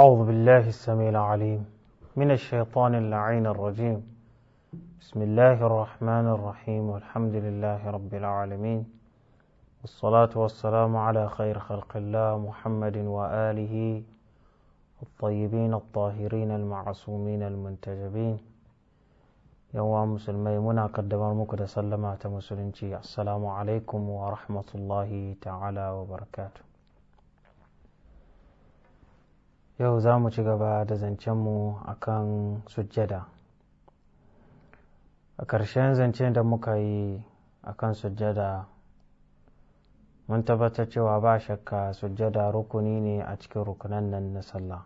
أعوذ بالله السميع العليم من الشيطان اللعين الرجيم بسم الله الرحمن الرحيم والحمد لله رب العالمين والصلاة والسلام على خير خلق الله محمد وآله الطيبين الطاهرين المعصومين المنتجبين يوم مسلمي منا قدم المكد سلمات مسلمتي السلام عليكم ورحمة الله تعالى وبركاته yau za mu ci gaba da zancenmu a kan sujjada a ƙarshen zancen da muka yi a kan sujjada mun tabbatar cewa ba shakka sujjada rukuni ne a cikin rukunan nan na sallah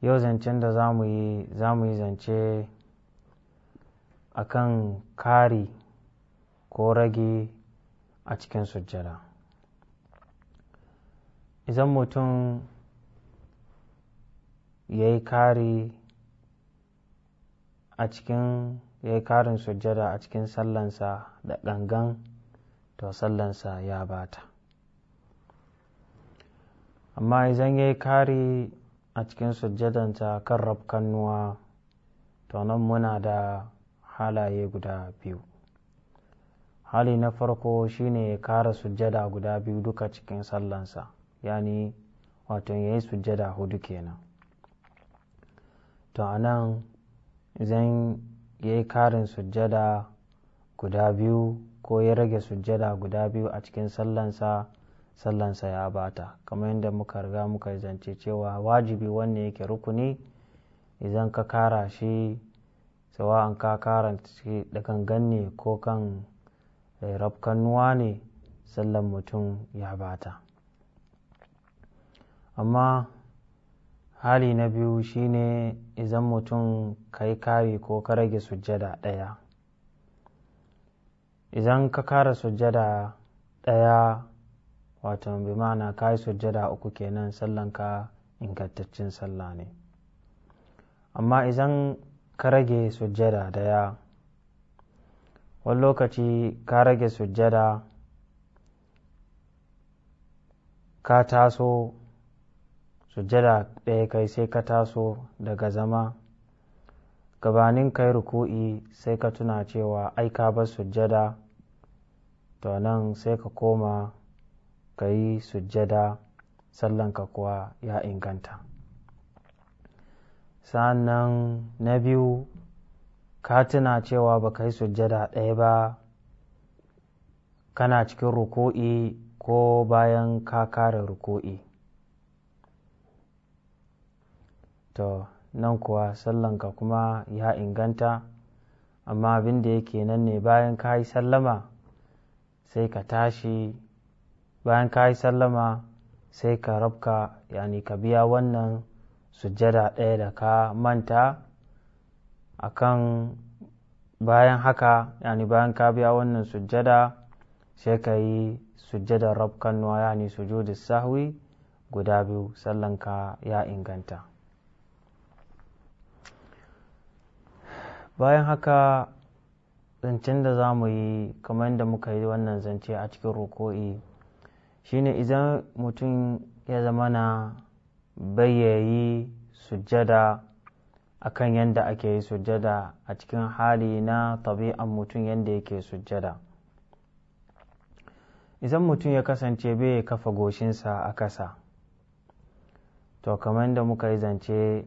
yau zancen da za mu yi za mu yi zance a kan kari ko rage a cikin sujjada idan mutum ya yi kari a cikin ya yi karin sujjada a cikin sallansa da gangan to sallansa ya bata amma idan ya yi kari a cikin sujjadanta kan rafkannuwa to nan muna da halaye guda biyu hali na farko shine ya kara sujjada guda biyu duka cikin sallansa yani wato ya yi sujjada hudu kenan to a nan zan ya yi karin sujjada guda biyu ko ya rage sujjada guda biyu a cikin sallansa sallansa ya bata kamar yadda muka riga muka zance cewa wajibi wanne yake rukuni idan ka kara shi sawa'an ka kara shi da kan ganne ko kan eh, rafkanuwa ne sallan mutum ya bata amma hali na biyu shine idan mutum ka yi kari ko ka rage sujjada ɗaya idan ka kara sujjada ɗaya wato bi ma'ana ka yi sujjada uku kenan sallanka ingantaccen sallah ne amma idan ka rage sujjada ɗaya wani lokaci ka rage sujjada ka taso sujjada ɗaya kai sai ka taso daga zama gabanin kai ruku'i sai ka tuna cewa ai ka bar sujjada to nan sai ka koma ka yi sujjada sallanka kuwa ya inganta sannan na biyu ka tuna cewa ba ka yi sujjada ɗaya ba kana cikin ruku'i ko bayan ka kare ruku'i to nan kuwa sallanka kuma ya inganta amma abin da yake nan ne bayan ka yi sallama sai ka tashi bayan ka yi sallama sai ka rabka yani ka biya wannan sujjada ɗaya da ka manta akan bayan haka yani bayan ka biya wannan sujjada sai ka yi sujjadar rabkan nuwa yani sujudis sahwi guda biyu sallanka ya inganta bayan haka zancen da za mu yi kamar yadda muka yi wannan zance a cikin roko'i shine idan mutum ya zama na bayyayi sujjada akan yadda ake yi sujjada a cikin hali na tabi'an mutum yadda yake sujjada idan mutum ya kasance bai kafa goshinsa a kasa to kamar da muka yi zance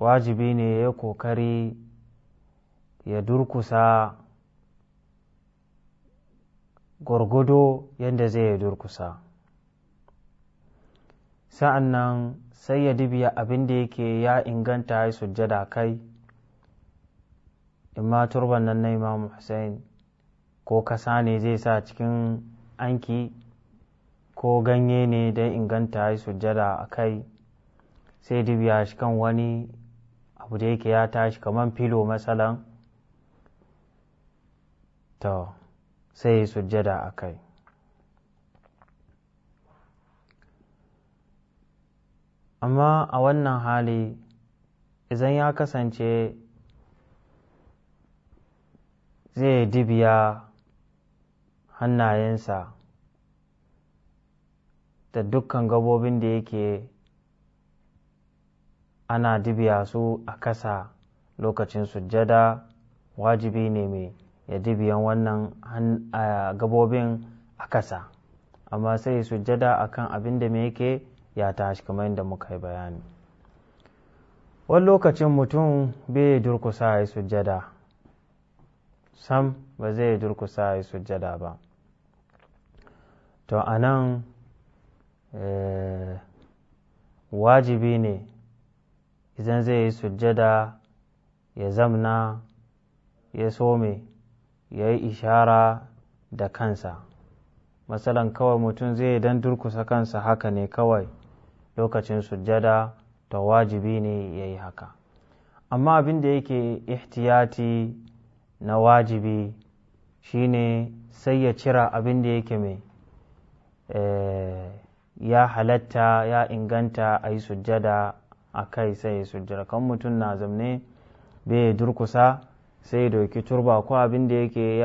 wajibi ne ya yi kokari ya durkusa gwargwado yadda zai ya durkusa sa'an nan sai ya dubiya abin da yake ya inganta ya sujjada kai imma turban nan na imam hussein ko kasa ne zai sa cikin anki ko ganye ne don inganta ya sujjada a kai sai dubiya shi kan wani abu da yake ya tashi kamar filo matsalan ta sai yi sujjada a kai amma a wannan hali idan ya kasance zai dibiya hannayensa da dukkan gabobin da yake ana dibiya su a kasa lokacin sujjada wajibi ne mai ya dibiyan wannan gabobin a kasa amma sai sujjada akan abin da mai yake ya tashi kamar yadda muka yi bayani wani lokacin mutum bai durkusa ya yi sujjada sam ba zai yi durkusa ya yi sujjada ba to anan nan eh, wajibi ne idan zai yi sujjada ya zamna ya some ya yi ishara da kansa matsalan kawai mutum zai dan durkusa kansa haka ne kawai lokacin sujjada ta wajibi ne ya yi haka amma abin da yake ihtiyati na wajibi shine sai ya cira abin da yake mai eh, ya halatta ya inganta a yi sujjada a kai sai sujjada kan mutum na zamne bai durkusa sai doki turba ko abin da yake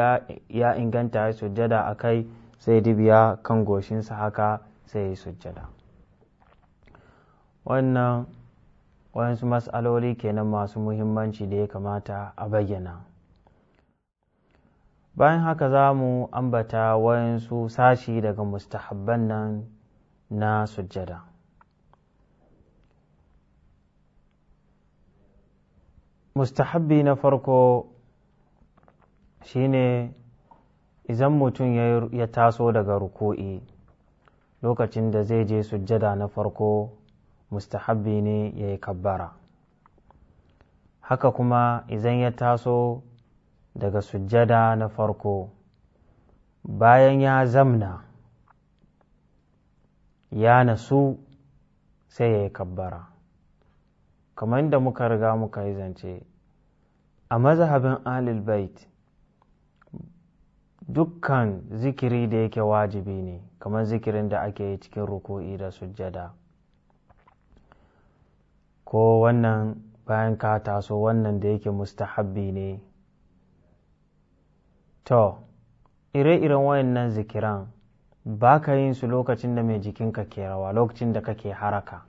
ya inganta ya sujjada a kai sai dibiya kan goshinsa haka sai sujjada wannan wayansu mas'aloli kenan masu muhimmanci da ya kamata a bayyana bayan haka za mu ambata wayansu sashi daga mustahabban nan na sujjada mustahabbi na farko shine idan mutum ya taso daga ruku'i lokacin da zai je sujjada na farko mustahabbi ne ya yi kabbara haka kuma idan ya taso daga sujjada na farko bayan ya zamna ya nasu sai ya yi kabbara kamar yadda muka riga muka yi zance a mazhabin alil bait dukkan zikiri da yake wajibi ne kamar zikirin da ake yi cikin ruku'i da sujjada ko wannan bayan ka taso wannan da yake mustahabbi ne to ire-iren wayannan zikiran ba ka yin su lokacin da mai jikinka ke rawa lokacin da kake haraka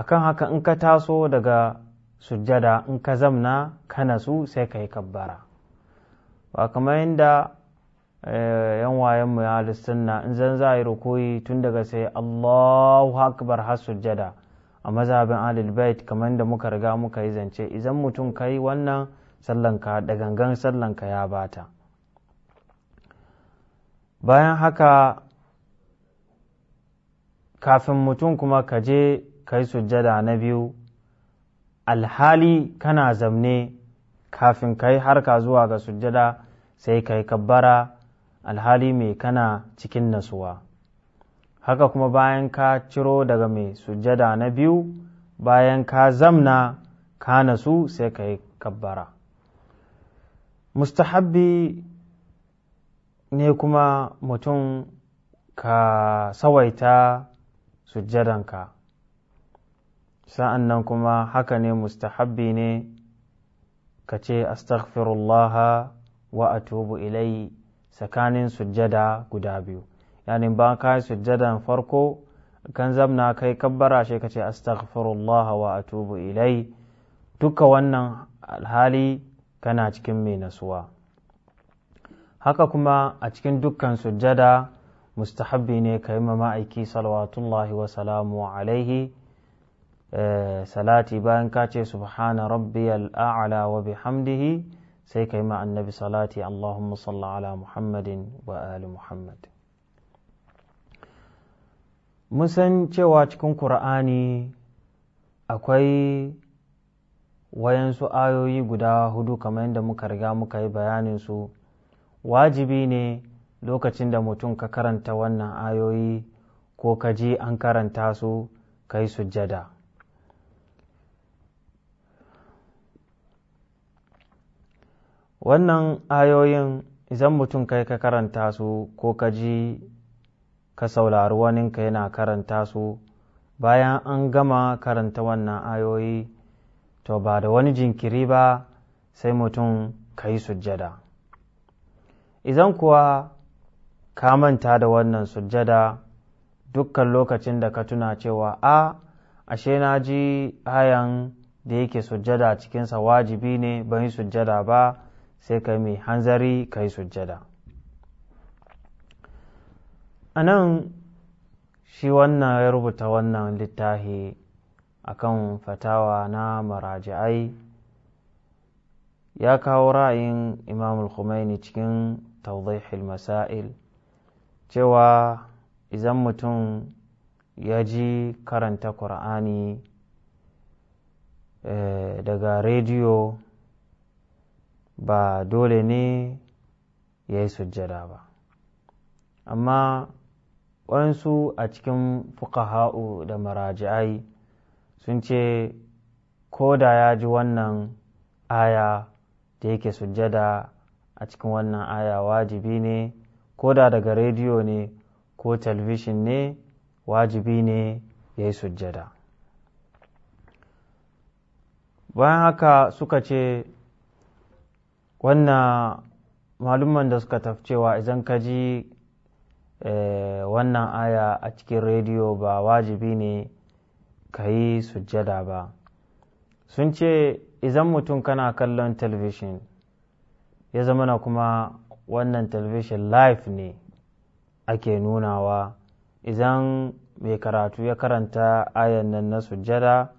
akan haka in ka taso daga sujjada in ka zamna ka nasu sai ka yi kabbara ba kamar yadda eh, yan wayenmu ya halittunna in zan za yi rukuyi tun daga sai allahu akbar har sujjada a mazabin alilbait kamar yadda muka riga muka yi zance idan mutum ka yi wannan sallanka da gangan sallanka ya bata bayan haka kafin mutum kuma ka je kai sujjada na biyu alhali kana zamne kafin kai harka zuwa ga sujjada sai kai kabbara alhali mai kana cikin nasuwa haka kuma bayan ka ciro daga mai sujjada na biyu bayan ka zamna ka nasu sai ka yi kabbara mustahabbi ne kuma mutum ka sawaita sujjadanka sa'an nan kuma haka ne mustahabbi ne ka ce astaghfirullah wa atubu ilai tsakanin sujjada guda biyu yani ba ka yi sujjadan farko kan zamna kai kabbara shi ka ce astaghfirullah wa atubu ilai duka wannan alhali kana cikin mai nasuwa haka kuma a cikin dukkan sujjada mustahabbi ne ka yi ma'aiki salawatullahi wa salamu alaihi Eh, salati bayan ka ce subhana rabbiyal a'la wa bihamdihi sai kai ma annabi salati allahumma salli ala muhammadin wa ali muhammad musan cewa cikin kur'ani akwai wayansu ayoyi guda hudu kamar yadda muka riga muka yi bayanin su wajibi ne lokacin da mutum ka karanta wannan ayoyi ko ka ji an karanta su kai sujjada wannan ayoyin idan mutum kai ka karanta su ko ka ji ka saurari waninka yana karanta su bayan an gama karanta wannan ayoyi to ba da wani jinkiri ba sai mutum ka yi sujjada idan kuwa ka manta da wannan sujjada dukkan lokacin da ka tuna cewa a ashe na ji hayan da yake sujjada cikinsa wajibi ne ban yi sujjada ba sai ka mai hanzari kai yi sujjada a nan shi wannan ya rubuta wannan littafi akan fatawa na maraji'ai ya kawo ra'ayin imam khomeini cikin tawdihil masail cewa idan mutum ya ji karanta kur'ani eh, daga rediyo ba dole ne ya yi sujjada ba amma waɗansu a cikin fukaha'u da maraji'ai sun ce ko da ya ji wannan aya da yake sujjada a cikin wannan aya wajibi ne ko da daga rediyo ne ko talbishin ne wajibi ne ya yi sujjada bayan haka suka ce wannan malumman da suka tafcewa idan ka ji eh, wannan aya a cikin rediyo ba wajibi ne ka yi sujjada ba sun ce idan mutum kana kallon talabishin ya zama na kuma wannan talabishin live ne ake nunawa idan mai karatu ya karanta ayan nan na sujjada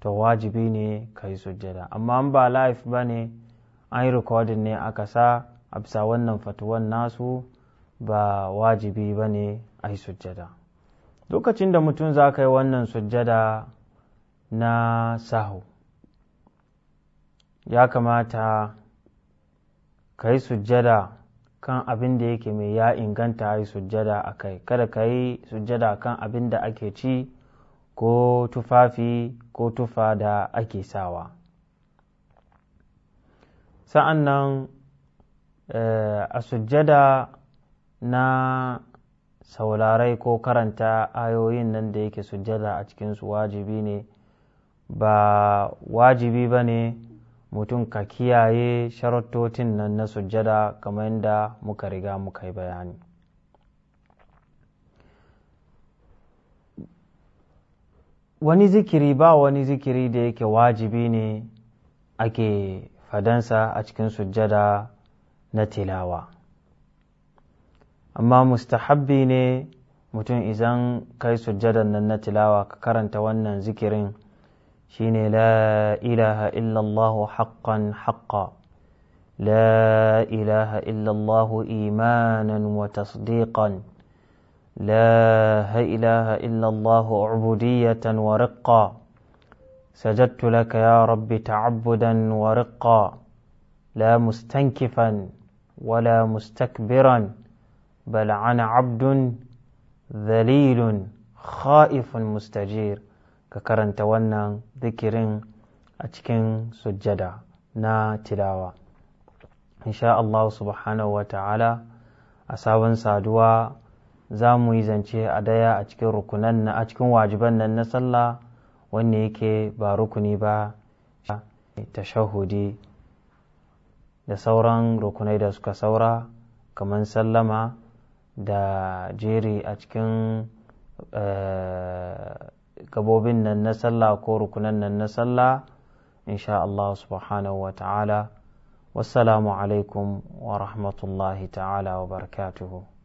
to wajibi ne ka yi sujjada amma ba live ba ne an yi rikodin ne aka sa a bisa wannan fatuwan nasu ba wajibi ba ne a yi sujjada lokacin da mutum za ka yi wannan sujjada na sahu ya kamata ka yi sujjada kan abin da yake mai ya inganta a yi sujjada a kai kada ka yi sujjada kan abin da ake ci ko tufafi ko tufa da ake sawa sa'an nan eh, a sujjada na saurarai ko karanta ayoyin nan da yake sujjada a cikinsu wajibi ne ba wajibi ba ne mutum ka kiyaye sharattotin nan na sujjada kamar yadda muka riga muka yi bayani wani zikiri ba wani zikiri da yake wajibi ne ake fadansa a cikin sujjada na tilawa amma mustahabbi ne mutum izan kai sujjadan nan na tilawa ka karanta wannan zikirin shine la ilaha illallahu haqqan haqqa la ilaha illallahu imanan wa tasdiqan la ilaha illallahu ubudiyatan wa riqqa سجدت لك يا رب تعبدا ورقا لا مستنكفا ولا مستكبرا بل انا عبد ذليل خائف مستجير ككرنت ونن ذكرين أتكن سجدا نا تلاوة إن شاء الله سبحانه وتعالى أصابا سادوا za mu yi zance a daya a cikin rukunan na a cikin wajiban nan na sallah wanda yake ba rukuni ba tashahudi da sauran rukunai da suka saura kamar sallama da jeri a cikin eh, gabobin nan na sallah ko rukunan nan na sallah insha Allah subhanahu wa ta'ala wassalamu alaikum wa rahmatullahi ta'ala wa barakatuhu